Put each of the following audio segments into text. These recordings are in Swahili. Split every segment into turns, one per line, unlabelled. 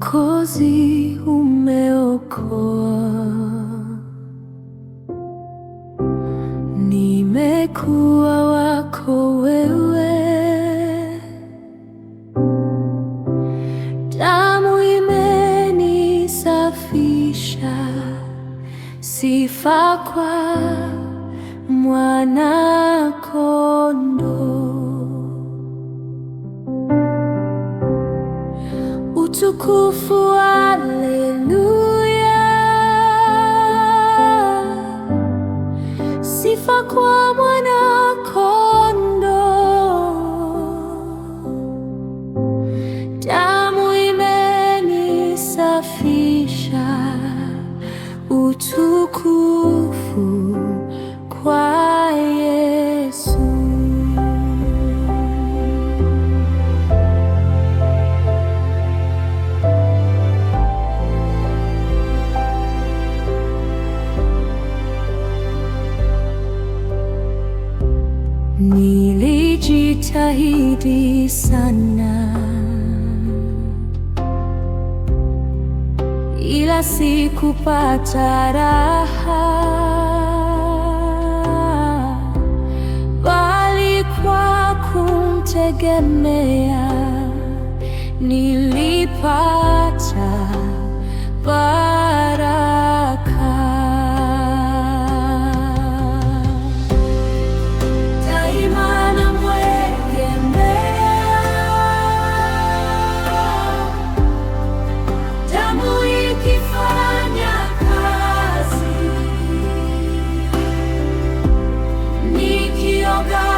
Mwokozi umeokoa, nimekuwa wako wewe, damu imenisafisha, sifa kwa mwana Utukufu, aleluya sifa kwa nilijitahidi sana, ila sikupata raha, bali kwa kumtegemea nilipata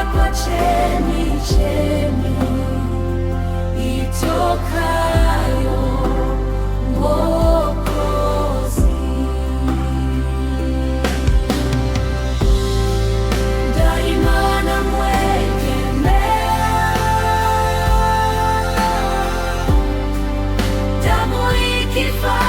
yako chemi chemi itokayo Mwokozi. Daima namwegemea, damu ikifa